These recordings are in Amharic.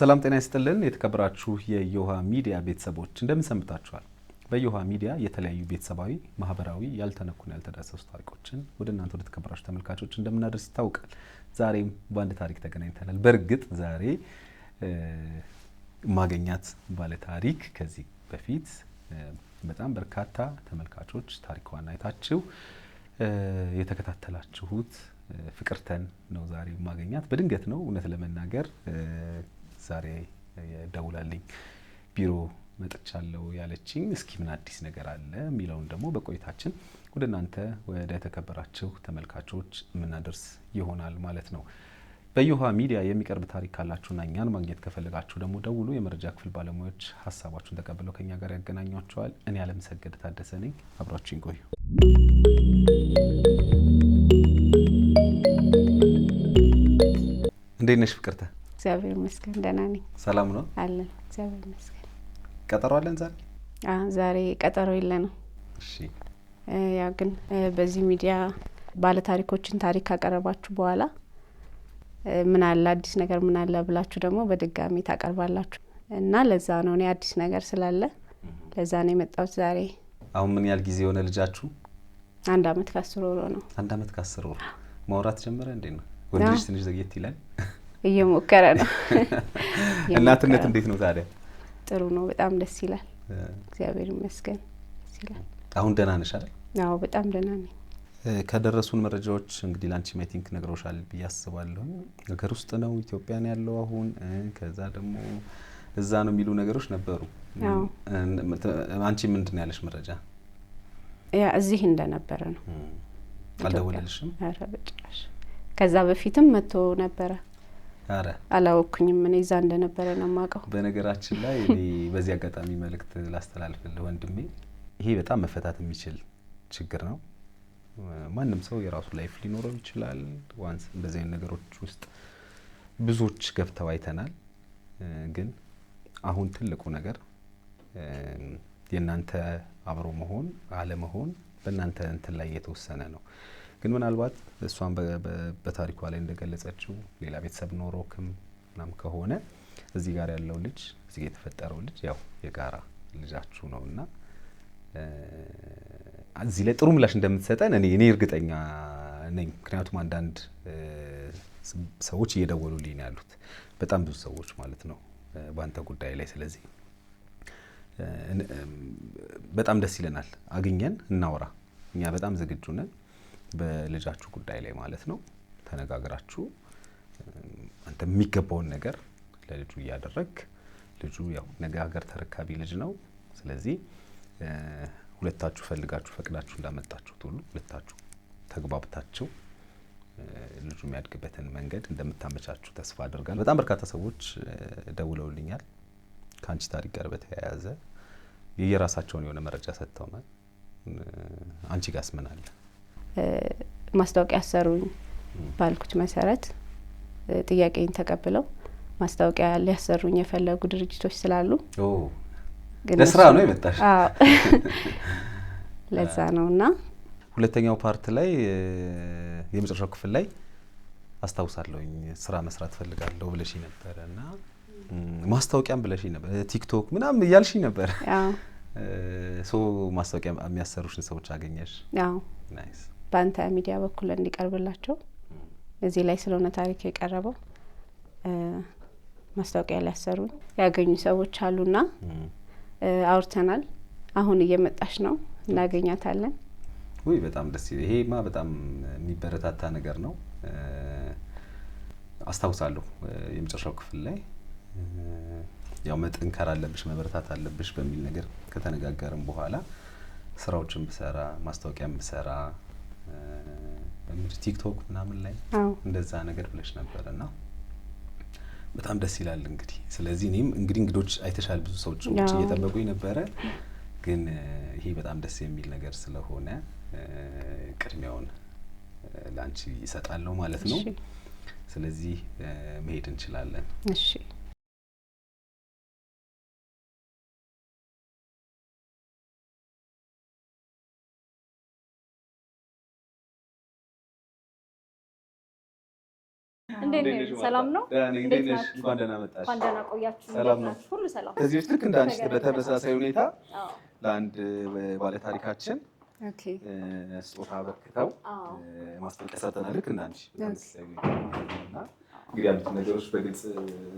ሰላም ጤና ይስጥልን። የተከበራችሁ የእዮሃ ሚዲያ ቤተሰቦች እንደምን ሰንብታችኋል? በእዮሃ ሚዲያ የተለያዩ ቤተሰባዊ፣ ማህበራዊ ያልተነኩን ያልተዳሰሱ ታሪኮችን ወደ እናንተ ወደ ተከበራችሁ ተመልካቾች እንደምናደርስ ይታወቃል። ዛሬም በአንድ ታሪክ ተገናኝተናል። በእርግጥ ዛሬ ማገኛት ባለ ታሪክ ከዚህ በፊት በጣም በርካታ ተመልካቾች ታሪኳን አይታችሁ የተከታተላችሁት ፍቅርተን ነው ዛሬ ማገኛት። በድንገት ነው እውነት ለመናገር ዛሬ የደውላልኝ ቢሮ መጥቻለሁ ያለችኝ። እስኪ ምን አዲስ ነገር አለ የሚለውን ደግሞ በቆይታችን ወደ እናንተ ወደ ተከበራችሁ ተመልካቾች የምናደርስ ይሆናል ማለት ነው። በእዮሃ ሚዲያ የሚቀርብ ታሪክ ካላችሁና እኛን ማግኘት ከፈለጋችሁ ደግሞ ደውሉ። የመረጃ ክፍል ባለሙያዎች ሀሳባችሁን ተቀብለው ከኛ ጋር ያገናኟቸዋል። እኔ አለምሰገድ ታደሰ ነኝ። አብራችሁን ቆዩ። እንዴት ነሽ ፍቅርተ? እግዚአብሔር ይመስገን ደህና ነኝ። ሰላም ነው አለን። እግዚአብሔር ይመስገን። ቀጠሮ አለን ዛሬ? ዛሬ ቀጠሮ የለ ነው። እሺ። ያው ግን በዚህ ሚዲያ ባለታሪኮችን ታሪክ ካቀረባችሁ በኋላ ምን አለ አዲስ ነገር ምን አለ ብላችሁ ደግሞ በድጋሚ ታቀርባላችሁ እና ለዛ ነው እኔ አዲስ ነገር ስላለ ለዛ ነው የመጣሁት ዛሬ። አሁን ምን ያህል ጊዜ የሆነ ልጃችሁ? አንድ አመት ከአስር ወሮ ነው። አንድ አመት ከአስር ወሮ ማውራት ጀመረ። እንዴ? ነው ወንድ ልጅ ትንሽ ዘግየት ይላል። እየሞከረ ነው። እናትነት እንዴት ነው ታዲያ? ጥሩ ነው። በጣም ደስ ይላል። እግዚአብሔር ይመስገን። ደስ ይላል። አሁን ደህና ነሽ አይደል? አዎ፣ በጣም ደህና ነኝ። ከደረሱን መረጃዎች እንግዲህ ላንቺ አይ ነግሮሻል ብዬ አስባለሁ። ሀገር ውስጥ ነው ኢትዮጵያን ያለው አሁን ከዛ ደግሞ እዛ ነው የሚሉ ነገሮች ነበሩ። አንቺ ምንድን ነው ያለሽ መረጃ? ያ እዚህ እንደነበረ ነው። አልደወለልሽም? ኧረ በጭራሽ። ከዛ በፊትም መጥቶ ነበረ። አረ አላወኩኝም። እኔ እዛ እንደነበረ ነው የማውቀው። በነገራችን ላይ በዚህ አጋጣሚ መልእክት ላስተላልፍልህ ወንድሜ፣ ይሄ በጣም መፈታት የሚችል ችግር ነው። ማንም ሰው የራሱ ላይፍ ሊኖረው ይችላል። ዋንስ እንደዚህ አይነት ነገሮች ውስጥ ብዙዎች ገብተው አይተናል። ግን አሁን ትልቁ ነገር የእናንተ አብሮ መሆን አለመሆን በእናንተ እንትን ላይ የተወሰነ ነው። ግን ምናልባት እሷን በታሪኳ ላይ እንደገለጸችው ሌላ ቤተሰብ ኖሮክም ናም ከሆነ እዚህ ጋር ያለው ልጅ እዚህ የተፈጠረው ልጅ ያው የጋራ ልጃችሁ ነው እና እዚህ ላይ ጥሩ ምላሽ እንደምትሰጠን እኔ እኔ እርግጠኛ ነኝ። ምክንያቱም አንዳንድ ሰዎች እየደወሉልኝ ያሉት፣ በጣም ብዙ ሰዎች ማለት ነው በአንተ ጉዳይ ላይ። ስለዚህ በጣም ደስ ይለናል፣ አግኘን እናውራ። እኛ በጣም ዝግጁ ነን፣ በልጃችሁ ጉዳይ ላይ ማለት ነው። ተነጋግራችሁ አንተ የሚገባውን ነገር ለልጁ እያደረግ ልጁ ያው ነገ ሀገር ተረካቢ ልጅ ነው። ስለዚህ ሁለታችሁ ፈልጋችሁ ፈቅዳችሁ እንዳመጣችሁት ሁሉ ሁለታችሁ ተግባብታችሁ ልጁ የሚያድግበትን መንገድ እንደምታመቻችሁ ተስፋ አድርጋል። በጣም በርካታ ሰዎች ደውለውልኛል ከአንቺ ታሪክ ጋር በተያያዘ የየራሳቸውን የሆነ መረጃ ሰጥተው አንቺ ጋስ ምን አለ? ማስታወቂያ ያሰሩኝ ባልኩት መሰረት ጥያቄን ተቀብለው ማስታወቂያ ሊያሰሩኝ የፈለጉ ድርጅቶች ስላሉ ለስራ ነው የመጣሽ? ለዛ ነው እና ሁለተኛው ፓርት ላይ የመጨረሻው ክፍል ላይ አስታውሳለሁኝ ስራ መስራት ፈልጋለሁ ብለሽ ነበረ እና ማስታወቂያም ብለሽ ነበር፣ ቲክቶክ ምናምን እያልሽ ነበር። ሶ ማስታወቂያ የሚያሰሩሽን ሰዎች አገኘሽ? በአንተ ሚዲያ በኩል እንዲቀርብላቸው እዚህ ላይ ስለሆነ ታሪክ የቀረበው ማስታወቂያ ሊያሰሩኝ ያገኙ ሰዎች አሉና አውርተናል። አሁን እየመጣች ነው፣ እናገኛታለን። ውይ በጣም ደስ ይል። ይሄማ በጣም የሚበረታታ ነገር ነው። አስታውሳለሁ የመጨረሻው ክፍል ላይ ያው መጠንከር አለብሽ መበረታት አለብሽ በሚል ነገር ከተነጋገርም በኋላ ስራዎችን ብሰራ ማስታወቂያን ብሰራ ቲክቶክ ምናምን ላይ እንደዛ ነገር ብለሽ ነበር ና በጣም ደስ ይላል። እንግዲህ ስለዚህ እኔም እንግዲህ እንግዶች አይተሻል፣ ብዙ ሰዎች እየጠበቁኝ ነበረ፣ ግን ይሄ በጣም ደስ የሚል ነገር ስለሆነ ቅድሚያውን ለአንቺ ይሰጣለሁ ማለት ነው። ስለዚህ መሄድ እንችላለን። እሺ። ሰላም ነው። እንኳን ደህና መጣሽ። እንኳን ደህና ቆያችሁ። ሰላም ነው። ሁሉ ሰላም። ከዚህ ልክ በተመሳሳይ ሁኔታ ለአንድ ባለታሪካችን ስጦታ አበርክተው ማስጠንቀቂያ ሰጥተናል። ልክ እንዳንቺ እንግዲህ ያሉት ነገሮች በግልጽ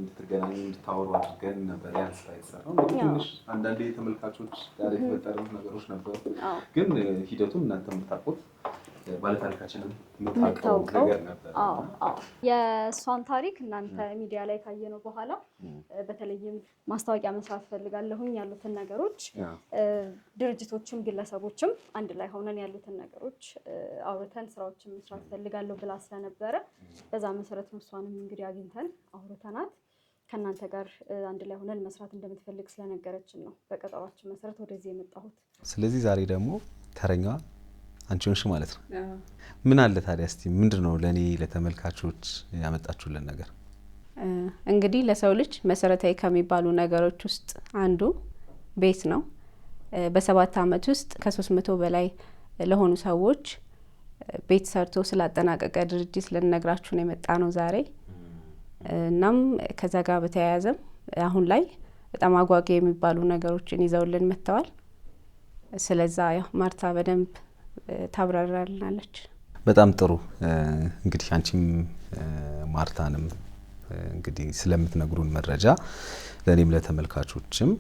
እንድትገናኙ እንድታወሩ አድርገን ነበር። ያን ስራ ትንሽ አንዳንዴ ጋር የተፈጠሩት ነገሮች ነበሩ፣ ግን እናንተ የምታውቁት ባለታሪካችንም የእሷን ታሪክ እናንተ ሚዲያ ላይ ካየነው በኋላ በተለይም ማስታወቂያ መስራት ፈልጋለሁኝ ያሉትን ነገሮች ድርጅቶችም ግለሰቦችም አንድ ላይ ሆነን ያሉትን ነገሮች አውርተን ስራዎችን መስራት ፈልጋለሁ ብላ ስለነበረ በዛ መሰረት እሷንም እንግዲህ አግኝተን አውርተናት ከእናንተ ጋር አንድ ላይ ሆነን መስራት እንደምትፈልግ ስለነገረችን ነው በቀጠሯችን መሰረት ወደዚህ የመጣሁት። ስለዚህ ዛሬ ደግሞ ተረኛዋ አንቺ ሆንሽ ማለት ነው። ምን አለ ታዲያ? እስቲ ምንድን ነው ለእኔ ለተመልካቾች ያመጣችሁልን ነገር? እንግዲህ ለሰው ልጅ መሰረታዊ ከሚባሉ ነገሮች ውስጥ አንዱ ቤት ነው። በሰባት አመት ውስጥ ከሶስት መቶ በላይ ለሆኑ ሰዎች ቤት ሰርቶ ስላጠናቀቀ ድርጅት ልንነግራችሁ ነው የመጣ ነው ዛሬ። እናም ከዛ ጋር በተያያዘም አሁን ላይ በጣም አጓጊ የሚባሉ ነገሮችን ይዘውልን መጥተዋል። ስለዛ ያው ማርታ በደንብ ታብራራልናለች። በጣም ጥሩ እንግዲህ አንቺም ማርታንም እንግዲህ ስለምትነግሩን መረጃ ለእኔም ለተመልካቾችም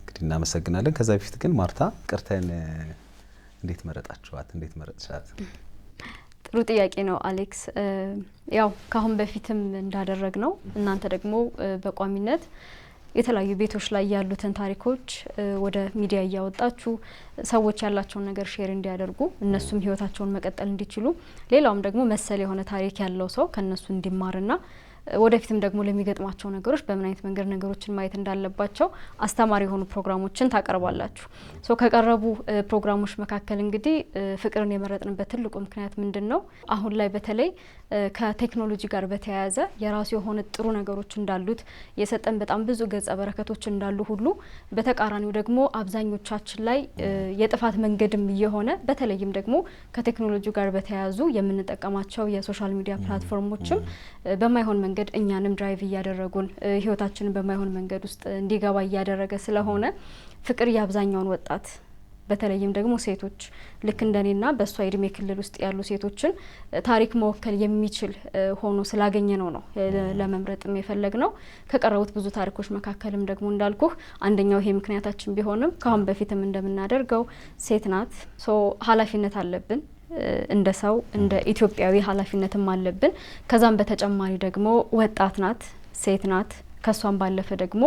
እንግዲህ እናመሰግናለን። ከዛ በፊት ግን ማርታ ቅርተን እንዴት መረጣችኋት? እንዴት መረጥሻት? ጥሩ ጥያቄ ነው አሌክስ። ያው ከአሁን በፊትም እንዳደረግ ነው እናንተ ደግሞ በቋሚነት የተለያዩ ቤቶች ላይ ያሉትን ታሪኮች ወደ ሚዲያ እያወጣችሁ ሰዎች ያላቸውን ነገር ሼር እንዲያደርጉ እነሱም ህይወታቸውን መቀጠል እንዲችሉ ሌላውም ደግሞ መሰል የሆነ ታሪክ ያለው ሰው ከእነሱ እንዲማርና ወደፊትም ደግሞ ለሚገጥማቸው ነገሮች በምን አይነት መንገድ ነገሮችን ማየት እንዳለባቸው አስተማሪ የሆኑ ፕሮግራሞችን ታቀርባላችሁ። ሶ ከቀረቡ ፕሮግራሞች መካከል እንግዲህ ፍቅርን የመረጥንበት ትልቁ ምክንያት ምንድን ነው? አሁን ላይ በተለይ ከቴክኖሎጂ ጋር በተያያዘ የራሱ የሆነ ጥሩ ነገሮች እንዳሉት የሰጠን በጣም ብዙ ገጸ በረከቶች እንዳሉ ሁሉ በተቃራኒው ደግሞ አብዛኞቻችን ላይ የጥፋት መንገድም እየሆነ በተለይም ደግሞ ከቴክኖሎጂ ጋር በተያያዙ የምንጠቀማቸው የሶሻል ሚዲያ ፕላትፎርሞችም በማይሆን መንገድ መንገድ እኛንም ድራይቭ እያደረጉን ህይወታችንን በማይሆን መንገድ ውስጥ እንዲገባ እያደረገ ስለሆነ ፍቅር የአብዛኛውን ወጣት በተለይም ደግሞ ሴቶች ልክ እንደኔና በእሷ የእድሜ ክልል ውስጥ ያሉ ሴቶችን ታሪክ መወከል የሚችል ሆኖ ስላገኘ ነው ነው ለመምረጥም የፈለግ ነው። ከቀረቡት ብዙ ታሪኮች መካከልም ደግሞ እንዳልኩህ አንደኛው ይሄ ምክንያታችን ቢሆንም ከአሁን በፊትም እንደምናደርገው ሴት ናት፣ ሶ ኃላፊነት አለብን እንደ ሰው እንደ ኢትዮጵያዊ ኃላፊነትም አለብን። ከዛም በተጨማሪ ደግሞ ወጣት ናት፣ ሴት ናት ከሷን ባለፈ ደግሞ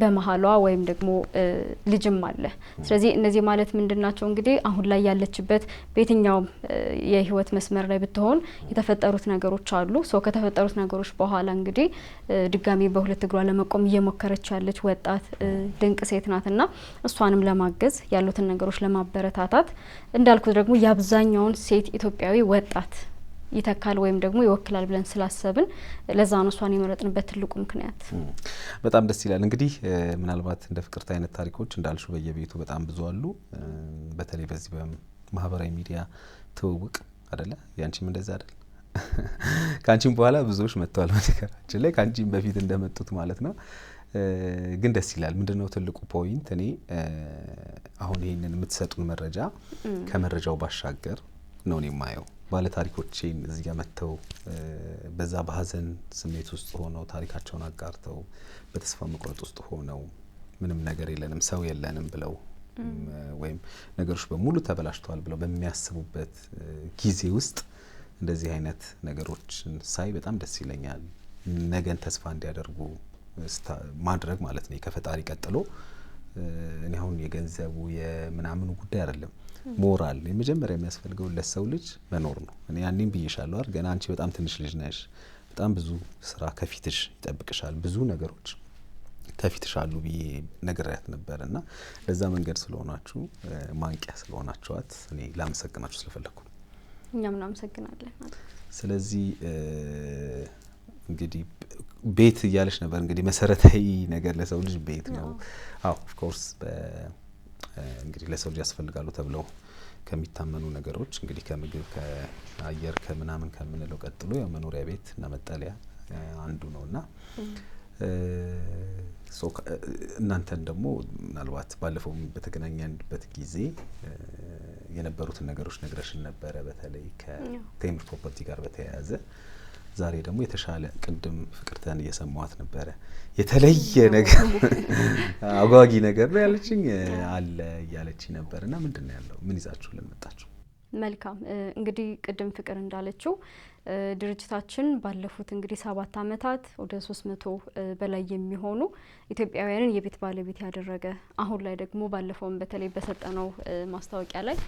በመሀሏ ወይም ደግሞ ልጅም አለ። ስለዚህ እነዚህ ማለት ምንድናቸው? እንግዲህ አሁን ላይ ያለችበት በየትኛውም የህይወት መስመር ላይ ብትሆን የተፈጠሩት ነገሮች አሉ። ሰው ከተፈጠሩት ነገሮች በኋላ እንግዲህ ድጋሚ በሁለት እግሯ ለመቆም እየሞከረች ያለች ወጣት ድንቅ ሴት ናት እና እሷንም ለማገዝ ያሉትን ነገሮች ለማበረታታት እንዳልኩት ደግሞ የአብዛኛውን ሴት ኢትዮጵያዊ ወጣት ይተካል ወይም ደግሞ ይወክላል ብለን ስላሰብን ለዛ ነው እሷን የመረጥንበት ትልቁ ምክንያት። በጣም ደስ ይላል። እንግዲህ ምናልባት እንደ ፍቅርተ አይነት ታሪኮች እንዳልሹ በየቤቱ በጣም ብዙ አሉ። በተለይ በዚህ በማህበራዊ ሚዲያ ትውውቅ አደለ? ያንቺም እንደዛ አደለ? ከአንቺም በኋላ ብዙዎች መጥተዋል። በነገራችን ላይ ከአንቺም በፊት እንደመጡት ማለት ነው። ግን ደስ ይላል። ምንድነው ትልቁ ፖይንት፣ እኔ አሁን ይህንን የምትሰጡን መረጃ ከመረጃው ባሻገር ነው እኔ የማየው ባለታሪኮቼን እዚህ መጥተው በዛ በሀዘን ስሜት ውስጥ ሆነው ታሪካቸውን አጋርተው በተስፋ መቁረጥ ውስጥ ሆነው ምንም ነገር የለንም ሰው የለንም ብለው ወይም ነገሮች በሙሉ ተበላሽተዋል ብለው በሚያስቡበት ጊዜ ውስጥ እንደዚህ አይነት ነገሮችን ሳይ በጣም ደስ ይለኛል። ነገን ተስፋ እንዲያደርጉ ማድረግ ማለት ነው። ከፈጣሪ ቀጥሎ እኔ አሁን የገንዘቡ የምናምኑ ጉዳይ አይደለም ሞራል የመጀመሪያ የሚያስፈልገው ለሰው ልጅ መኖር ነው። እኔ ያኔም ብዬሻለሁ አይደል? ገና አንቺ በጣም ትንሽ ልጅ ነሽ። በጣም ብዙ ስራ ከፊትሽ ይጠብቅሻል። ብዙ ነገሮች ከፊትሽ አሉ ብዬ ነግሬያት ነበር እና ለዛ መንገድ ስለሆናችሁ ማንቂያ ስለሆናችኋት እኔ ላመሰግናችሁ ስለፈለግኩ እኛም እናመሰግናለን። ስለዚህ እንግዲህ ቤት እያለች ነበር። እንግዲህ መሰረታዊ ነገር ለሰው ልጅ ቤት ነው። አዎ ኦፍኮርስ እንግዲህ ለሰው ልጅ ያስፈልጋሉ ተብለው ከሚታመኑ ነገሮች እንግዲህ ከምግብ፣ ከአየር፣ ከምናምን ከምንለው ቀጥሎ ያው መኖሪያ ቤት እና መጠለያ አንዱ ነው እና እናንተን ደግሞ ምናልባት ባለፈው በተገናኘንበት ጊዜ የነበሩትን ነገሮች ነግረሽን ነበረ። በተለይ ከቴምር ፕሮፐርቲ ጋር በተያያዘ ዛሬ ደግሞ የተሻለ ቅድም ፍቅርተን እየሰማዋት ነበረ የተለየ ነገር አጓጊ ነገር ነው ያለችኝ አለ እያለች ነበር። እና ምንድን ነው ያለው? ምን ይዛችሁ ልንመጣችሁ? መልካም እንግዲህ ቅድም ፍቅር እንዳለችው ድርጅታችን ባለፉት እንግዲህ ሰባት ዓመታት ወደ ሶስት መቶ በላይ የሚሆኑ ኢትዮጵያውያንን የቤት ባለቤት ያደረገ አሁን ላይ ደግሞ ባለፈውም በተለይ በሰጠነው ማስታወቂያ ላይ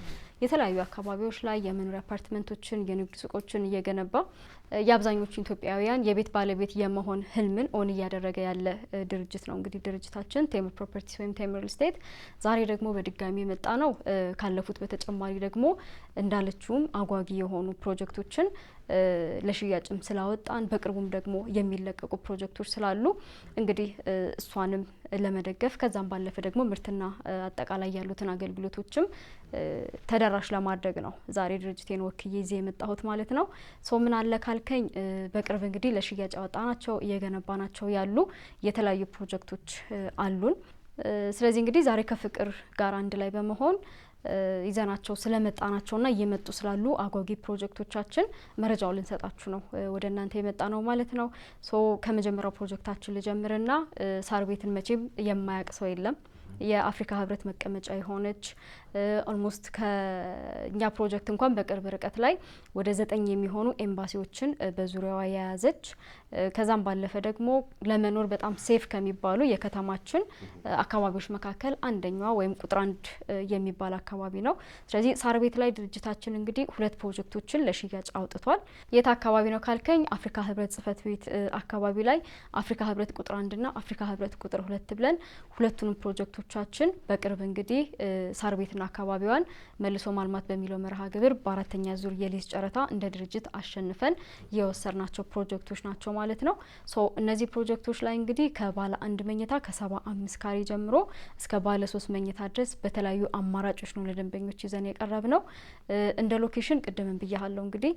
የተለያዩ አካባቢዎች ላይ የመኖሪያ አፓርትመንቶችን፣ የንግድ ሱቆችን እየገነባ የአብዛኞቹ ኢትዮጵያውያን የቤት ባለቤት የመሆን ህልምን ኦን እያደረገ ያለ ድርጅት ነው። እንግዲህ ድርጅታችን ቴምር ፕሮፐርቲስ ወይም ቴምር ሪል ስቴት ዛሬ ደግሞ በድጋሚ የመጣ ነው። ካለፉት በተጨማሪ ደግሞ እንዳለችውም አጓጊ የሆኑ ፕሮጀክቶችን ለሽያጭም ስላወጣን በቅርቡም ደግሞ የሚለቀቁ ፕሮጀክቶች ስላሉ እንግዲህ እሷንም ለመደገፍ ከዛም ባለፈ ደግሞ ምርትና አጠቃላይ ያሉትን አገልግሎቶችም ተደራሽ ለማድረግ ነው ዛሬ ድርጅቴን ወክዬ እዚህ የመጣሁት ማለት ነው። ሶ ምን አለ ካልከኝ በቅርብ እንግዲህ ለሽያጭ እየገነባ እየገነባናቸው ያሉ የተለያዩ ፕሮጀክቶች አሉን። ስለዚህ እንግዲህ ዛሬ ከፍቅር ጋር አንድ ላይ በመሆን ይዘናቸው ናቸው ና እየመጡ ስላሉ አጓጊ ፕሮጀክቶቻችን መረጃው ልንሰጣችሁ ነው ወደ እናንተ የመጣ ነው ማለት ነው። ሶ ከመጀመሪያው ፕሮጀክታችን ልጀምርና ሳር ቤትን መቼም የማያውቅ ሰው የለም። የአፍሪካ ህብረት መቀመጫ የሆነች ኦልሞስት ከእኛ ፕሮጀክት እንኳን በቅርብ ርቀት ላይ ወደ ዘጠኝ የሚሆኑ ኤምባሲዎችን በዙሪያዋ የያዘች ከዛም ባለፈ ደግሞ ለመኖር በጣም ሴፍ ከሚባሉ የከተማችን አካባቢዎች መካከል አንደኛዋ ወይም ቁጥር አንድ የሚባል አካባቢ ነው። ስለዚህ ሳር ቤት ላይ ድርጅታችን እንግዲህ ሁለት ፕሮጀክቶችን ለሽያጭ አውጥቷል። የት አካባቢ ነው ካልከኝ አፍሪካ ህብረት ጽህፈት ቤት አካባቢ ላይ አፍሪካ ህብረት ቁጥር አንድና አፍሪካ ህብረት ቁጥር ሁለት ብለን ሁለቱንም ፕሮጀክቶቻችን በቅርብ እንግዲህ ሳር ቤትና አካባቢዋን መልሶ ማልማት በሚለው መርሃ ግብር በአራተኛ ዙር የሊዝ ጨረታ እንደ ድርጅት አሸንፈን የወሰድናቸው ፕሮጀክቶች ናቸው ማለት ነው። ሶ እነዚህ ፕሮጀክቶች ላይ እንግዲህ ከባለ አንድ መኝታ ከሰባ አምስት ካሬ ጀምሮ እስከ ባለ ሶስት መኝታ ድረስ በተለያዩ አማራጮች ነው ለደንበኞች ይዘን የቀረብ ነው። እንደ ሎኬሽን ቅድምን ብያሃለው እንግዲህ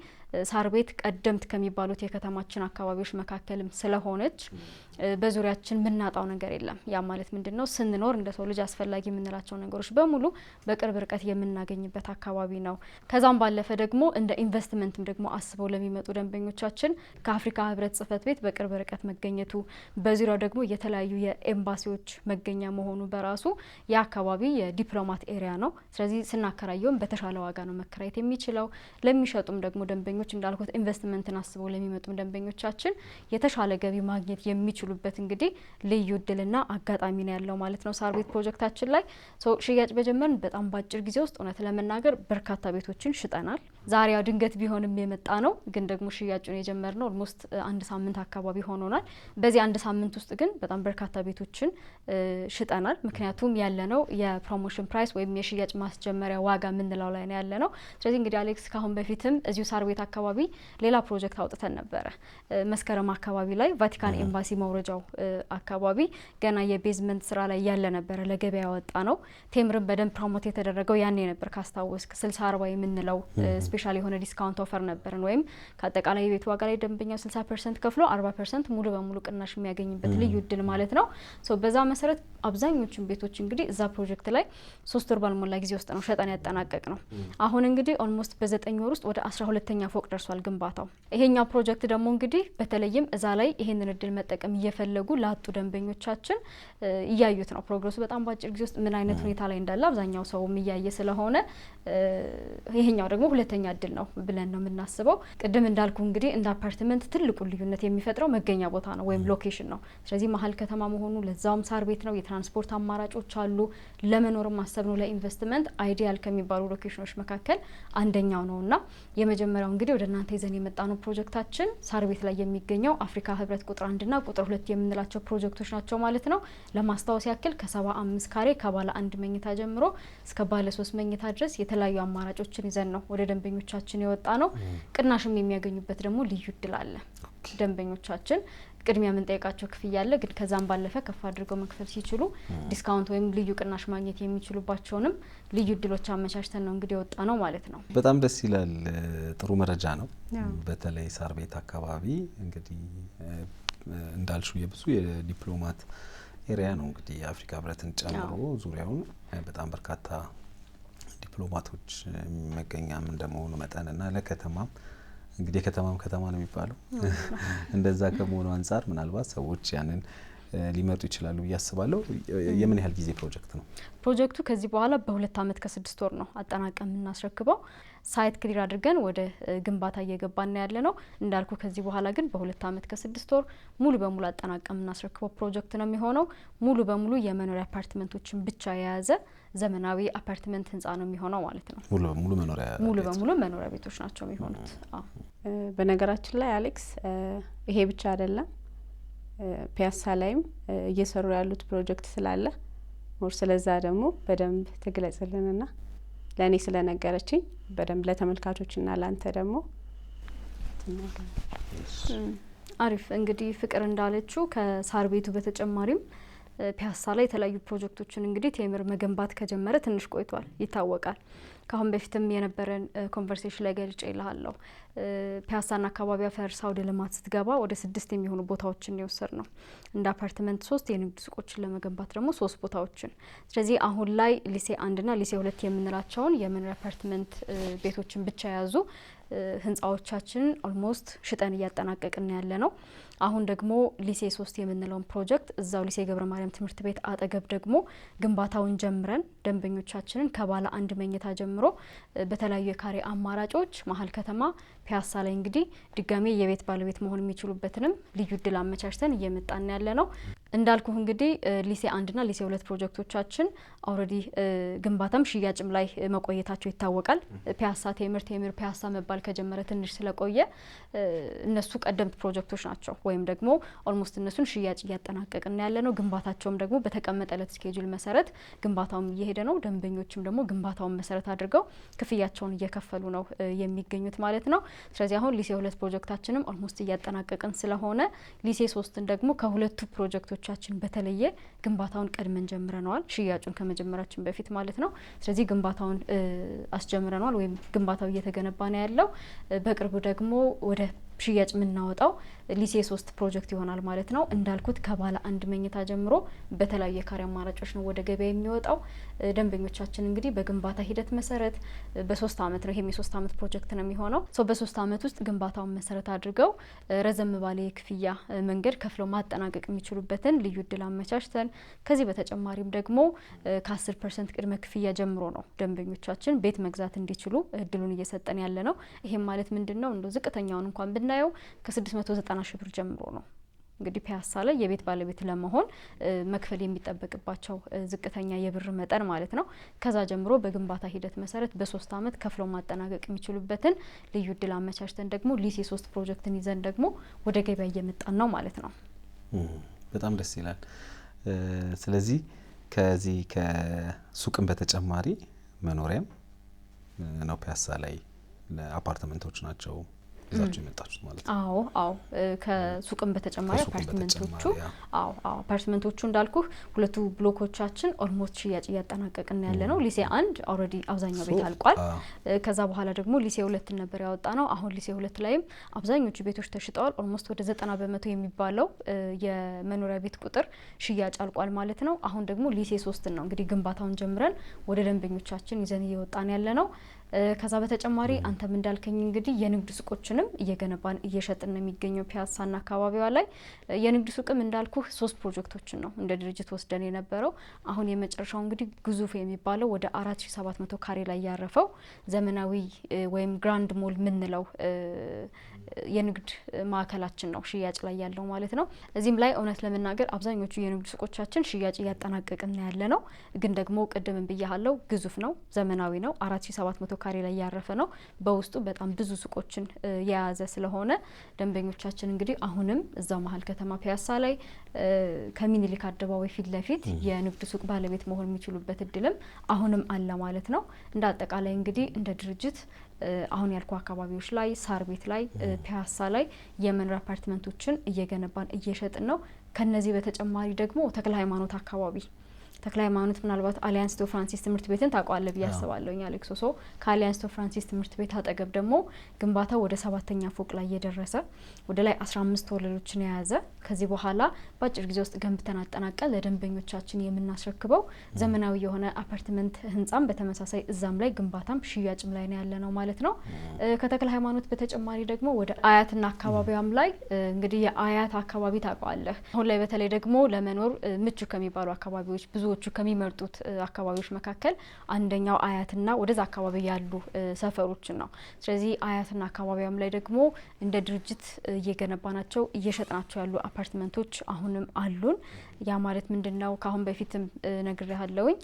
ሳር ቤት ቀደምት ከሚባሉት የከተማችን አካባቢዎች መካከልም ስለሆነች በዙሪያችን ምናጣው ነገር የለም። ያ ማለት ምንድን ነው ስንኖር እንደ ሰው ልጅ አስፈላጊ የምንላቸው ነገሮች በሙሉ በ በቅርብ ርቀት የምናገኝበት አካባቢ ነው። ከዛም ባለፈ ደግሞ እንደ ኢንቨስትመንትም ደግሞ አስበው ለሚመጡ ደንበኞቻችን ከአፍሪካ ህብረት ጽህፈት ቤት በቅርብ ርቀት መገኘቱ፣ በዙሪያው ደግሞ የተለያዩ የኤምባሲዎች መገኛ መሆኑ በራሱ የአካባቢ የዲፕሎማት ኤሪያ ነው። ስለዚህ ስናከራየውም በተሻለ ዋጋ ነው መከራየት የሚችለው። ለሚሸጡም ደግሞ ደንበኞች እንዳልኩት ኢንቨስትመንትን አስበው ለሚመጡም ደንበኞቻችን የተሻለ ገቢ ማግኘት የሚችሉበት እንግዲህ ልዩ እድልና አጋጣሚ ነው ያለው ማለት ነው ሳር ቤት ፕሮጀክታችን ላይ ሽያጭ በጀመርን በጣም በጣም በአጭር ጊዜ ውስጥ እውነት ለመናገር በርካታ ቤቶችን ሽጠናል። ዛሬ ያው ድንገት ቢሆንም የመጣ ነው፣ ግን ደግሞ ሽያጩን የጀመርነው ኦልሞስት አንድ ሳምንት አካባቢ ሆኖናል። በዚህ አንድ ሳምንት ውስጥ ግን በጣም በርካታ ቤቶችን ሽጠናል። ምክንያቱም ያለነው የፕሮሞሽን ፕራይስ ወይም የሽያጭ ማስጀመሪያ ዋጋ የምንለው ላይ ነው ያለነው። ስለዚህ እንግዲህ አሌክስ ካሁን በፊትም እዚሁ ሳር ቤት አካባቢ ሌላ ፕሮጀክት አውጥተን ነበረ። መስከረም አካባቢ ላይ ቫቲካን ኤምባሲ መውረጃው አካባቢ ገና የቤዝመንት ስራ ላይ ያለ ነበረ፣ ለገበያ ወጣ ነው። ቴምርን በደንብ ፕሮሞት የተደረገው ያኔ ነበር ካስታወስክ፣ ስልሳ አርባ የምንለው ስፔሻል የሆነ ዲስካውንት ኦፈር ነበርን። ወይም ከአጠቃላይ የቤት ዋጋ ላይ ደንበኛው ስልሳ ፐርሰንት ከፍሎ አርባ ፐርሰንት ሙሉ በሙሉ ቅናሽ የሚያገኝበት ልዩ እድል ማለት ነው። በዛ መሰረት አብዛኞቹን ቤቶች እንግዲህ እዛ ፕሮጀክት ላይ ሶስት ወር ባልሞላ ጊዜ ውስጥ ነው ሸጠን ያጠናቀቅ ነው። አሁን እንግዲህ ኦልሞስት በዘጠኝ ወር ውስጥ ወደ አስራ ሁለተኛ ፎቅ ደርሷል ግንባታው። ይሄኛው ፕሮጀክት ደግሞ እንግዲህ በተለይም እዛ ላይ ይሄንን እድል መጠቀም እየፈለጉ ላጡ ደንበኞቻችን እያዩት ነው ፕሮግረሱ በጣም በአጭር ጊዜ ውስጥ ምን አይነት ሁኔታ ላይ እንዳለ አብዛኛው ሰው ሰውም እያየ ስለሆነ ይሄኛው ደግሞ ሁለተኛ እድል ነው ብለን ነው የምናስበው። ቅድም እንዳልኩ እንግዲህ እንደ አፓርትመንት ትልቁ ልዩነት የሚፈጥረው መገኛ ቦታ ነው ወይም ሎኬሽን ነው። ስለዚህ መሀል ከተማ መሆኑ ለዛውም ሳር ቤት ነው፣ የትራንስፖርት አማራጮች አሉ። ለመኖር ማሰብ ነው ለኢንቨስትመንት አይዲያል ከሚባሉ ሎኬሽኖች መካከል አንደኛው ነው እና የመጀመሪያው እንግዲህ ወደ እናንተ ይዘን የመጣ ነው ፕሮጀክታችን ሳር ቤት ላይ የሚገኘው አፍሪካ ህብረት ቁጥር አንድና ቁጥር ሁለት የምንላቸው ፕሮጀክቶች ናቸው ማለት ነው። ለማስታወስ ያክል ከሰባ አምስት ካሬ ከባለ አንድ መኝታ ጀምሮ እስከ ባለ ሶስት መኝታ ድረስ የተለያዩ አማራጮችን ይዘን ነው ወደ ደንበኞቻችን የወጣ ነው። ቅናሽም የሚያገኙበት ደግሞ ልዩ እድል አለ። ደንበኞቻችን ቅድሚያ የምንጠይቃቸው ክፍያ አለ፣ ግን ከዛም ባለፈ ከፍ አድርገው መክፈል ሲችሉ ዲስካውንት ወይም ልዩ ቅናሽ ማግኘት የሚችሉባቸውንም ልዩ እድሎች አመቻችተን ነው እንግዲህ የወጣ ነው ማለት ነው። በጣም ደስ ይላል። ጥሩ መረጃ ነው። በተለይ ሳር ቤት አካባቢ እንግዲህ እንዳልሹ የብዙ የዲፕሎማት ኤሪያ ነው እንግዲህ የአፍሪካ ህብረትን ጨምሮ ዙሪያውን በጣም በርካታ ዲፕሎማቶች መገኛም እንደመሆኑ መጠን እና ለከተማም እንግዲህ የከተማም ከተማ ነው የሚባለው እንደዛ ከመሆኑ አንጻር ምናልባት ሰዎች ያንን ሊመጡ ይችላሉ ብዬ አስባለሁ። የምን ያህል ጊዜ ፕሮጀክት ነው? ፕሮጀክቱ ከዚህ በኋላ በሁለት ዓመት ከስድስት ወር ነው አጠናቀም የምናስረክበው። ሳይት ክሊር አድርገን ወደ ግንባታ እየገባና ያለ ነው እንዳልኩ። ከዚህ በኋላ ግን በሁለት ዓመት ከስድስት ወር ሙሉ በሙሉ አጠናቀም የምናስረክበው ፕሮጀክት ነው የሚሆነው። ሙሉ በሙሉ የመኖሪያ አፓርትመንቶችን ብቻ የያዘ ዘመናዊ አፓርትመንት ህንፃ ነው የሚሆነው ማለት ነው። ሙሉ በሙሉ መኖሪያ ሙሉ በሙሉ መኖሪያ ቤቶች ናቸው የሚሆኑት። በነገራችን ላይ አሌክስ ይሄ ብቻ አይደለም ፒያሳ ላይም እየሰሩ ያሉት ፕሮጀክት ስላለ ሞር ስለዛ ደግሞ በደንብ ትግለጽልንና ለእኔ ስለነገረችኝ በደንብ ለተመልካቾችና ለአንተ ደግሞ አሪፍ። እንግዲህ ፍቅር እንዳለችው ከሳር ቤቱ በተጨማሪም ፒያሳ ላይ የተለያዩ ፕሮጀክቶችን እንግዲህ ቴምር መገንባት ከጀመረ ትንሽ ቆይቷል፣ ይታወቃል። ከአሁን በፊትም የነበረን ኮንቨርሴሽን ላይ ገልጬ ይልሃለሁ። ፒያሳና አካባቢ ፈርሳ ወደ ልማት ስትገባ ወደ ስድስት የሚሆኑ ቦታዎችን የወሰድ ነው እንደ አፓርትመንት ሶስት የንግድ ሱቆችን ለመገንባት ደግሞ ሶስት ቦታዎችን። ስለዚህ አሁን ላይ ሊሴ አንድና ሊሴ ሁለት የምንላቸውን የመኖሪያ አፓርትመንት ቤቶችን ብቻ የያዙ ህንፃዎቻችንን ኦልሞስት ሽጠን እያጠናቀቅን ያለ ነው። አሁን ደግሞ ሊሴ ሶስት የምንለውን ፕሮጀክት እዛው ሊሴ ገብረ ማርያም ትምህርት ቤት አጠገብ ደግሞ ግንባታውን ጀምረን ደንበኞቻችንን ከባለ አንድ መኝታ ጀምሮ በተለያዩ የካሬ አማራጮች መሀል ከተማ ፒያሳ ላይ እንግዲህ ድጋሜ የቤት ባለቤት መሆን የሚችሉበትንም ልዩ እድል አመቻችተን እየመጣን ያለ ነው። እንዳልኩህ እንግዲህ ሊሴ አንድና ሊሴ ሁለት ፕሮጀክቶቻችን አውረዲ ግንባታም ሽያጭም ላይ መቆየታቸው ይታወቃል። ፒያሳ ቴምር ቴምር ፒያሳ መባል ከጀመረ ትንሽ ስለቆየ እነሱ ቀደምት ፕሮጀክቶች ናቸው። ወይም ደግሞ ኦልሞስት እነሱን ሽያጭ እያጠናቀቅን ያለ ነው። ግንባታቸውም ደግሞ በተቀመጠለት ስኬጁል መሰረት ግንባታውም እየሄደ ነው። ደንበኞችም ደግሞ ግንባታውን መሰረት አድርገው ክፍያቸውን እየከፈሉ ነው የሚገኙት ማለት ነው። ስለዚህ አሁን ሊሴ ሁለት ፕሮጀክታችንም ኦልሞስት እያጠናቀቅን ስለሆነ ሊሴ ሶስትን ደግሞ ከሁለቱ ፕሮጀክቶቻችን በተለየ ግንባታውን ቀድመን ጀምረነዋል፣ ሽያጩን ከመጀመራችን በፊት ማለት ነው። ስለዚህ ግንባታውን አስጀምረነዋል ወይም ግንባታው እየተገነባ ነው ያለው። በቅርቡ ደግሞ ወደ ሽያጭ የምናወጣው ሊሴ ሶስት ፕሮጀክት ይሆናል ማለት ነው። እንዳልኩት ከባለ አንድ መኝታ ጀምሮ በተለያዩ የካሬ አማራጮች ነው ወደ ገበያ የሚወጣው። ደንበኞቻችን እንግዲህ በግንባታ ሂደት መሰረት በሶስት አመት ነው ይሄም የሶስት አመት ፕሮጀክት ነው የሚሆነው በሶስት አመት ውስጥ ግንባታውን መሰረት አድርገው ረዘም ባለ የክፍያ መንገድ ከፍለው ማጠናቀቅ የሚችሉበትን ልዩ እድል አመቻችተን ከዚህ በተጨማሪም ደግሞ ከአስር ፐርሰንት ቅድመ ክፍያ ጀምሮ ነው ደንበኞቻችን ቤት መግዛት እንዲችሉ እድሉን እየሰጠን ያለ ነው። ይሄም ማለት ምንድን ነው እንደ ዝቅተኛውን እንኳን የምናየው ከ690 ሺህ ብር ጀምሮ ነው። እንግዲህ ፒያሳ ላይ የቤት ባለቤት ለመሆን መክፈል የሚጠበቅባቸው ዝቅተኛ የብር መጠን ማለት ነው። ከዛ ጀምሮ በግንባታ ሂደት መሰረት በሶስት ዓመት ከፍለው ማጠናቀቅ የሚችሉበትን ልዩ እድል አመቻችተን ደግሞ ሊሴ ሶስት ፕሮጀክትን ይዘን ደግሞ ወደ ገበያ እየመጣን ነው ማለት ነው። በጣም ደስ ይላል። ስለዚህ ከዚህ ከሱቅም በተጨማሪ መኖሪያም ነው ፒያሳ ላይ አፓርትመንቶች ናቸው ይዛችሁ የመጣችሁት ማለት ነው? አዎ አዎ፣ ከሱቅም በተጨማሪ አፓርትመንቶቹ። አዎ አዎ፣ አፓርትመንቶቹ እንዳልኩህ ሁለቱ ብሎኮቻችን ኦልሞስት ሽያጭ እያጠናቀቅን ያለ ነው። ሊሴ አንድ ኦልሬዲ አብዛኛው ቤት አልቋል። ከዛ በኋላ ደግሞ ሊሴ ሁለትን ነበር ያወጣ ነው። አሁን ሊሴ ሁለት ላይም አብዛኞቹ ቤቶች ተሽጠዋል። ኦልሞስት ወደ ዘጠና በመቶ የሚባለው የመኖሪያ ቤት ቁጥር ሽያጭ አልቋል ማለት ነው። አሁን ደግሞ ሊሴ ሶስትን ነው እንግዲህ ግንባታውን ጀምረን ወደ ደንበኞቻችን ይዘን እየወጣን ያለ ነው። ከዛ በተጨማሪ አንተም እንዳልከኝ እንግዲህ የንግድ ሱቆችንም እየገነባን እየሸጥን ነው የሚገኘው ፒያሳና አካባቢዋ ላይ። የንግድ ሱቅም እንዳልኩ ሶስት ፕሮጀክቶችን ነው እንደ ድርጅት ወስደን የነበረው። አሁን የመጨረሻው እንግዲህ ግዙፍ የሚባለው ወደ አራት ሺ ሰባት መቶ ካሬ ላይ ያረፈው ዘመናዊ ወይም ግራንድ ሞል ምንለው የንግድ ማዕከላችን ነው ሽያጭ ላይ ያለው ማለት ነው። እዚህም ላይ እውነት ለመናገር አብዛኞቹ የንግድ ሱቆቻችን ሽያጭ እያጠናቀቅን ያለ ነው። ግን ደግሞ ቅድም ብያለው ግዙፍ ነው፣ ዘመናዊ ነው። አራት ሺ ሰባት መቶ ካሬ ላይ ያረፈ ነው። በውስጡ በጣም ብዙ ሱቆችን የያዘ ስለሆነ ደንበኞቻችን እንግዲህ አሁንም እዛው መሀል ከተማ ፒያሳ ላይ ከሚኒሊክ አደባባይ ፊት ለፊት የንግድ ሱቅ ባለቤት መሆን የሚችሉበት እድልም አሁንም አለ ማለት ነው። እንደ አጠቃላይ እንግዲህ እንደ ድርጅት አሁን ያልኩ አካባቢዎች ላይ ሳር ቤት ላይ ፒያሳ ላይ የመኖሪያ አፓርትመንቶችን እየገነባን እየሸጥን ነው። ከነዚህ በተጨማሪ ደግሞ ተክለ ሃይማኖት አካባቢ ተክለ ሃይማኖት ምናልባት አሊያንስ ቶ ፍራንሲስ ትምህርት ቤትን ታውቀዋለህ ብዬ አስባለሁኝ አሌክሶ። ሶ ከአሊያንስ ቶ ፍራንሲስ ትምህርት ቤት አጠገብ ደግሞ ግንባታው ወደ ሰባተኛ ፎቅ ላይ የደረሰ ወደ ላይ አስራ አምስት ወለሎችን የያዘ ከዚህ በኋላ በአጭር ጊዜ ውስጥ ገንብተን አጠናቀን ለደንበኞቻችን የምናስረክበው ዘመናዊ የሆነ አፓርትመንት ህንጻም በተመሳሳይ እዛም ላይ ግንባታም ሽያጭም ላይ ነው ያለ ነው ማለት ነው። ከተክለ ሃይማኖት በተጨማሪ ደግሞ ወደ አያትና አካባቢዋም ላይ እንግዲህ የአያት አካባቢ ታውቀዋለህ። አሁን ላይ በተለይ ደግሞ ለመኖር ምቹ ከሚባሉ አካባቢዎች ብዙ ብዙዎቹ ከሚመርጡት አካባቢዎች መካከል አንደኛው አያትና ወደዛ አካባቢ ያሉ ሰፈሮችን ነው። ስለዚህ አያትና አካባቢያም ላይ ደግሞ እንደ ድርጅት እየገነባናቸው እየሸጥናቸው ያሉ አፓርትመንቶች አሁንም አሉን። ያ ማለት ምንድን ነው? ከአሁን በፊትም ያለውኝ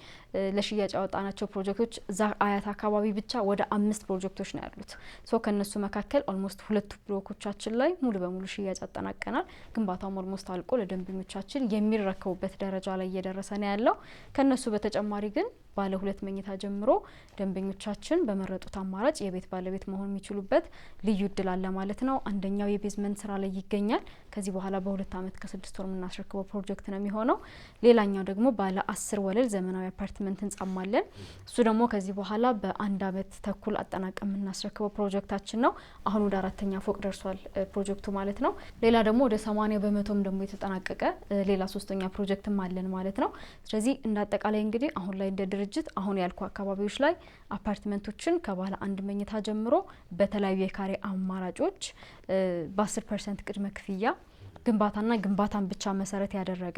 ለሽያጭ ያወጣናቸው ፕሮጀክቶች እዛ አያት አካባቢ ብቻ ወደ አምስት ፕሮጀክቶች ነው ያሉት። ሶ ከእነሱ መካከል ኦልሞስት ሁለቱ ብሎኮቻችን ላይ ሙሉ በሙሉ ሽያጭ አጠናቀናል። ግንባታውም ኦልሞስት አልቆ ለደንበኞቻችን የሚረከቡበት ደረጃ ላይ እየደረሰ ነው ያለው። ከእነሱ በተጨማሪ ግን ባለ ሁለት መኝታ ጀምሮ ደንበኞቻችን በመረጡት አማራጭ የቤት ባለቤት መሆን የሚችሉበት ልዩ እድል አለ ማለት ነው። አንደኛው የቤዝመንት ስራ ላይ ይገኛል። ከዚህ በኋላ በሁለት ዓመት ከስድስት ወር የምናስረክበው ፕሮጀክት ነው የሚሆነው። ሌላኛው ደግሞ ባለ አስር ወለል ዘመናዊ አፓርትመንት ህንጻም እሱ ደግሞ ከዚህ በኋላ በአንድ አመት ተኩል አጠናቀ የምናስረክበው ፕሮጀክታችን ነው። አሁን ወደ አራተኛ ፎቅ ደርሷል ፕሮጀክቱ ማለት ነው። ሌላ ደግሞ ወደ ሰማኒያ በመቶም ደግሞ የተጠናቀቀ ሌላ ሶስተኛ ፕሮጀክትም አለን ማለት ነው። ስለዚህ እንዳጠቃላይ እንግዲህ አሁን ላይ እንደ ድርጅት አሁን ያልኩ አካባቢዎች ላይ አፓርትመንቶችን ከባለ አንድ መኝታ ጀምሮ በተለያዩ የካሬ አማራጮች በ10 ፐርሰንት ቅድመ ክፍያ ግንባታና ግንባታን ብቻ መሰረት ያደረገ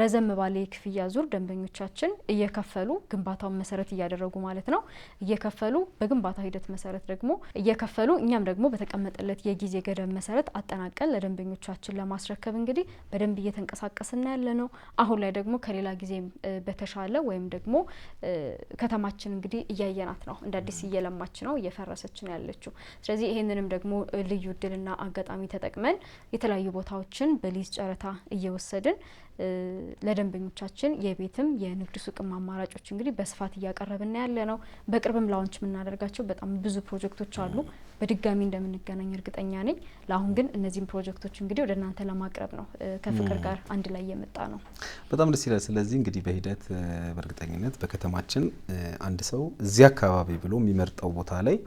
ረዘም ባለ የክፍያ ዙር ደንበኞቻችን እየከፈሉ ግንባታውን መሰረት እያደረጉ ማለት ነው እየከፈሉ በግንባታ ሂደት መሰረት ደግሞ እየከፈሉ እኛም ደግሞ በተቀመጠለት የጊዜ ገደብ መሰረት አጠናቀን ለደንበኞቻችን ለማስረከብ እንግዲህ በደንብ እየተንቀሳቀስና ያለ ነው። አሁን ላይ ደግሞ ከሌላ ጊዜ በተሻለ ወይም ደግሞ ከተማችን እንግዲህ እያየናት ነው፣ እንደ አዲስ እየለማች ነው፣ እየፈረሰች ነው ያለችው። ስለዚህ ይህንንም ደግሞ ልዩ እድልና አጋጣሚ ተጠቅመን የተለያዩ ቦታዎች ሱቆችን በሊዝ ጨረታ እየወሰድን ለደንበኞቻችን የቤትም የንግድ ሱቅም አማራጮች እንግዲህ በስፋት እያቀረብን ያለ ነው። በቅርብም ላውንች የምናደርጋቸው በጣም ብዙ ፕሮጀክቶች አሉ። በድጋሚ እንደምንገናኝ እርግጠኛ ነኝ። ለአሁን ግን እነዚህም ፕሮጀክቶች እንግዲህ ወደ እናንተ ለማቅረብ ነው ከፍቅር ጋር አንድ ላይ የመጣ ነው። በጣም ደስ ይላል። ስለዚህ እንግዲህ በሂደት በእርግጠኝነት በከተማችን አንድ ሰው እዚህ አካባቢ ብሎ የሚመርጠው ቦታ ላይ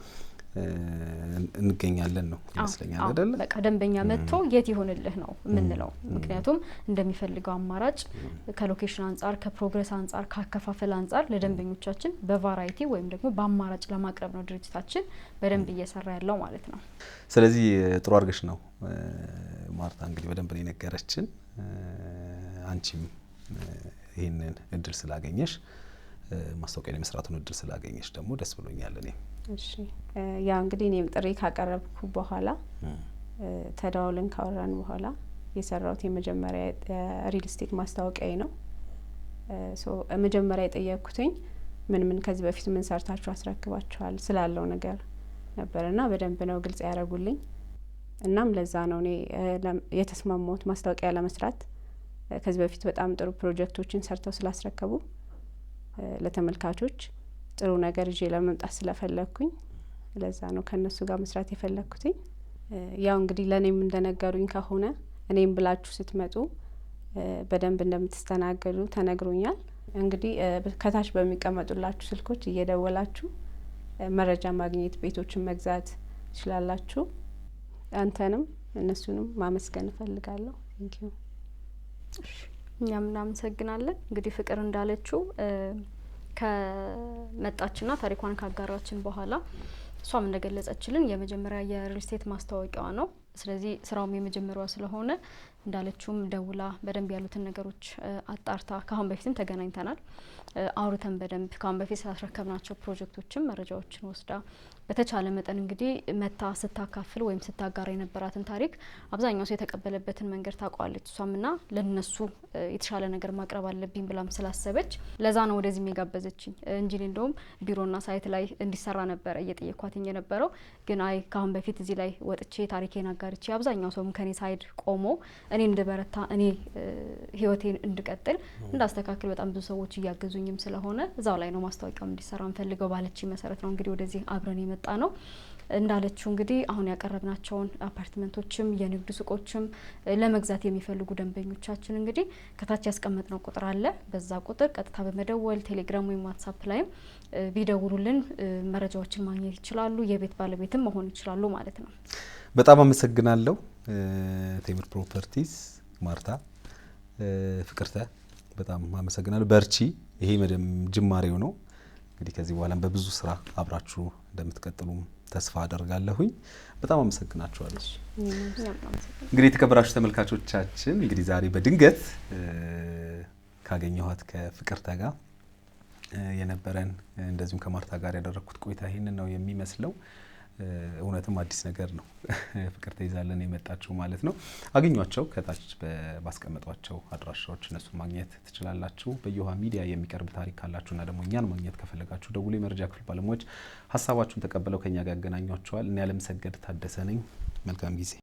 እንገኛለን ነው ይመስለኛል። አይደለ በቃ ደንበኛ መጥቶ የት ይሆንልህ ነው የምንለው። ምክንያቱም እንደሚፈልገው አማራጭ ከሎኬሽን አንጻር፣ ከፕሮግረስ አንጻር፣ ከአከፋፈል አንጻር ለደንበኞቻችን በቫራይቲ ወይም ደግሞ በአማራጭ ለማቅረብ ነው ድርጅታችን በደንብ እየሰራ ያለው ማለት ነው። ስለዚህ ጥሩ አድርገሽ ነው ማርታ እንግዲህ በደንብ ነው የነገረችን። አንቺም ይህንን እድል ስላገኘሽ ማስታወቂያ የመስራቱን እድል ስላገኘሽ ደግሞ ደስ ብሎኛል እኔም። እሺ ያ እንግዲህ እኔም ጥሪ ካቀረብኩ በኋላ ተደዋውለን ካወራን በኋላ የሰራሁት የመጀመሪያ ሪል ስቴት ማስታወቂያዬ ነው። መጀመሪያ የጠየቅኩትኝ ምን ምን ከዚህ በፊት ምን ሰርታችሁ አስረክባችኋል ስላለው ነገር ነበር እና በደንብ ነው ግልጽ ያደረጉልኝ። እናም ለዛ ነው እኔ የተስማማሁት ማስታወቂያ ለመስራት ከዚህ በፊት በጣም ጥሩ ፕሮጀክቶችን ሰርተው ስላስረከቡ ለተመልካቾች ጥሩ ነገር ይዤ ለመምጣት ስለፈለግኩኝ ለዛ ነው ከእነሱ ጋር መስራት የፈለግኩትኝ። ያው እንግዲህ ለእኔም እንደነገሩኝ ከሆነ እኔም ብላችሁ ስትመጡ በደንብ እንደምትስተናገዱ ተነግሮኛል። እንግዲህ ከታች በሚቀመጡላችሁ ስልኮች እየደወላችሁ መረጃ ማግኘት፣ ቤቶችን መግዛት ትችላላችሁ። አንተንም እነሱንም ማመስገን እፈልጋለሁ። ንኪ እኛም እናመሰግናለን። እንግዲህ ፍቅር እንዳለችው ከመጣችና ታሪኳን ካጋራችን በኋላ እሷም እንደገለጸችልን የመጀመሪያ የሪል ስቴት ማስታወቂያዋ ነው። ስለዚህ ስራውም የመጀመሪያዋ ስለሆነ እንዳለችውም ደውላ በደንብ ያሉትን ነገሮች አጣርታ ከአሁን በፊትም ተገናኝተናል አውርተን በደንብ ካሁን በፊት ስላስረከብናቸው ፕሮጀክቶችም መረጃዎችን ወስዳ በተቻለ መጠን እንግዲህ መታ ስታካፍል ወይም ስታጋራ የነበራትን ታሪክ አብዛኛው ሰው የተቀበለበትን መንገድ ታውቋለች። እሷም ና ለነሱ የተሻለ ነገር ማቅረብ አለብኝ ብላም ስላሰበች ለዛ ነው ወደዚህም የጋበዘችኝ እንጂ እንደውም ቢሮና ሳይት ላይ እንዲሰራ ነበረ እየጠየኳትኝ የነበረው። ግን አይ ካሁን በፊት እዚህ ላይ ወጥቼ ታሪኬን አጋርቼ አብዛኛው ሰውም ከኔ ሳይድ ቆሞ እኔ እንድበረታ እኔ ህይወቴን እንድቀጥል እንዳስተካክል በጣም ብዙ ሰዎች እያገዙኝ አልገባኝም ስለሆነ እዛው ላይ ነው ማስታወቂያው እንዲሰራ እንፈልገው ባለች መሰረት ነው እንግዲህ ወደዚህ አብረን የመጣ ነው። እንዳለችው እንግዲህ አሁን ያቀረብናቸውን አፓርትመንቶችም የንግድ ሱቆችም ለመግዛት የሚፈልጉ ደንበኞቻችን እንግዲህ ከታች ያስቀመጥነው ቁጥር አለ። በዛ ቁጥር ቀጥታ በመደወል ቴሌግራም ወይም ዋትሳፕ ላይም ቢደውሉልን መረጃዎችን ማግኘት ይችላሉ። የቤት ባለቤትም መሆን ይችላሉ ማለት ነው። በጣም አመሰግናለሁ። ቴምር ፕሮፐርቲስ ማርታ ፍቅርተ፣ በጣም አመሰግናለሁ። በርቺ ይሄ መደም ጅማሬው ነው። እንግዲህ ከዚህ በኋላም በብዙ ስራ አብራችሁ እንደምትቀጥሉም ተስፋ አደርጋለሁኝ። በጣም አመሰግናችኋለሁ። እንግዲህ የተከበራችሁ ተመልካቾቻችን እንግዲህ ዛሬ በድንገት ካገኘኋት ከፍቅርተ ጋር የነበረን እንደዚሁም ከማርታ ጋር ያደረግኩት ቆይታ ይህንን ነው የሚመስለው። እውነትም አዲስ ነገር ነው። ፍቅር ተይዛለን የመጣችው ማለት ነው። አግኟቸው። ከታች ባስቀመጧቸው አድራሻዎች እነሱን ማግኘት ትችላላችሁ። በየውሃ ሚዲያ የሚቀርብ ታሪክ ካላችሁና ደግሞ እኛን ማግኘት ከፈለጋችሁ ደውሎ የመረጃ ክፍል ባለሙያዎች ሀሳባችሁን ተቀብለው ከኛ ጋር ያገናኟቸዋል። እኔ አለምሰገድ ታደሰ ነኝ። መልካም ጊዜ